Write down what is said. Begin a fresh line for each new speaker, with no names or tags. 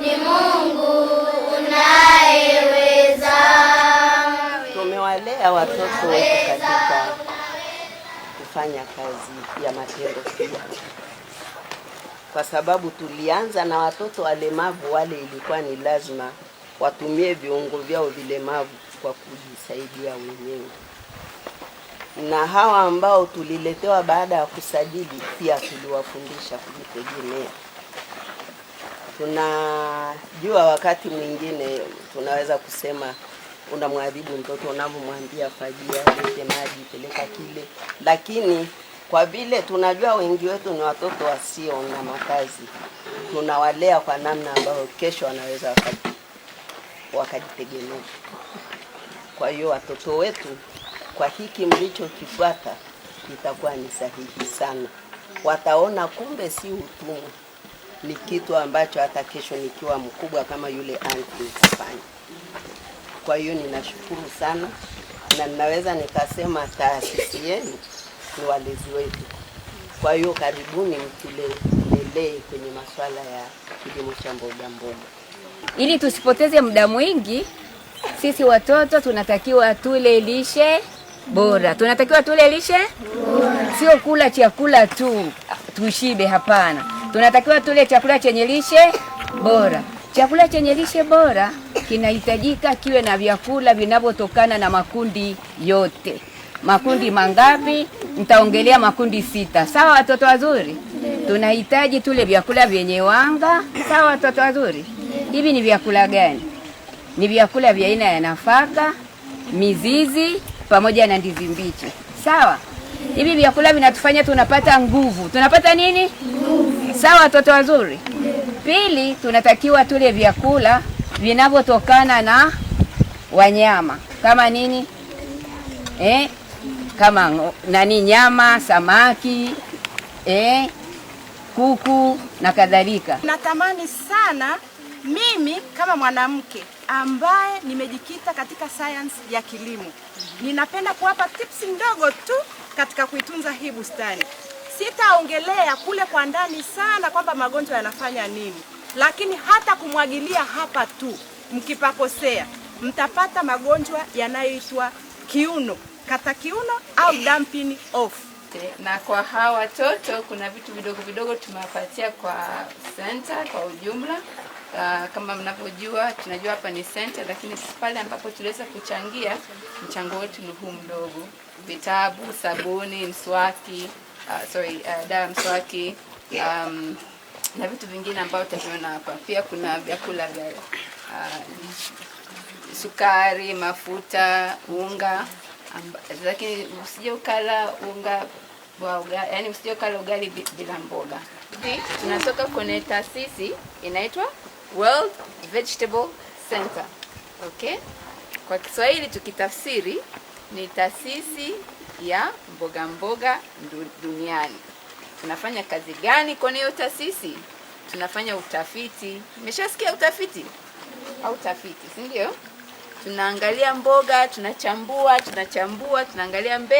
ni Mungu unayeweza.
Tumewalea watoto wetu katika kufanya kazi ya matendo pia, kwa sababu tulianza na watoto walemavu wale, ilikuwa ni lazima watumie viungo vyao vilemavu kwa kujisaidia wenyewe, na hawa ambao tuliletewa baada ya kusajili pia tuliwafundisha kujitegemea. Tunajua wakati mwingine tunaweza kusema unamwadhibu mtoto unavyomwambia fajia, lete maji, peleka kile, lakini kwa vile tunajua wengi wetu ni watoto wasio na makazi, tunawalea kwa namna ambayo kesho wanaweza wakajitegemea. Kwa hiyo watoto wetu, kwa hiki mlichokifuata, itakuwa ni sahihi sana, wataona kumbe si utumwa ni kitu ambacho hata kesho nikiwa mkubwa kama yule anti nitafanya. Kwa hiyo ninashukuru sana, na ninaweza nikasema taasisi yenu ni walezi wetu. Kwa hiyo karibuni, mtulelee kwenye masuala ya kilimo cha mboga mboga.
Ili tusipoteze muda mwingi, sisi watoto tunatakiwa tule lishe bora, tunatakiwa tule lishe bora, sio kula chakula tu tushibe, hapana tunatakiwa tule chakula chenye lishe bora. Chakula chenye lishe bora kinahitajika kiwe na vyakula vinavyotokana na makundi yote. Makundi mangapi? Nitaongelea makundi sita, sawa watoto wazuri? Tunahitaji tule vyakula vyenye wanga, sawa watoto wazuri? Hivi ni vyakula gani? Ni vyakula vya aina ya nafaka, mizizi pamoja na ndizi mbichi, sawa? Hivi vyakula vinatufanya tunapata nguvu. Tunapata nini? Nguvu. Sawa, watoto wazuri. Pili, tunatakiwa tule vyakula vinavyotokana na wanyama kama nini eh? kama nani, nyama, samaki eh? kuku na kadhalika.
Natamani sana mimi kama mwanamke ambaye nimejikita katika sayansi ya kilimo, ninapenda kuwapa tips ndogo tu katika kuitunza hii bustani sitaongelea kule kwa ndani sana kwamba magonjwa yanafanya nini, lakini hata kumwagilia hapa tu mkipakosea, mtapata magonjwa yanayoitwa kiuno, kata kiuno au dumping off.
Na kwa hawa watoto kuna vitu vidogo vidogo tumewapatia kwa center kwa ujumla. Uh, kama mnavyojua, tunajua hapa ni center, lakini pale ambapo tuliweza kuchangia, mchango wetu ni huu mdogo: vitabu, sabuni, mswaki uh, sorry uh, dawa mswaki um, na vitu vingine ambavyo utaviona hapa. Pia kuna vyakula vya uh, sukari, mafuta, unga amba, lakini usije ukala unga wa yani usije ukala ugali bila mboga.
Tunatoka kwenye taasisi inaitwa World Vegetable Center. Okay? Kwa Kiswahili tukitafsiri ni taasisi ya mboga mboga duniani. Tunafanya kazi gani kwenye hiyo taasisi? Tunafanya utafiti. Umeshasikia utafiti au utafiti, si ndio? Tunaangalia mboga, tunachambua, tunachambua, tunaangalia mbele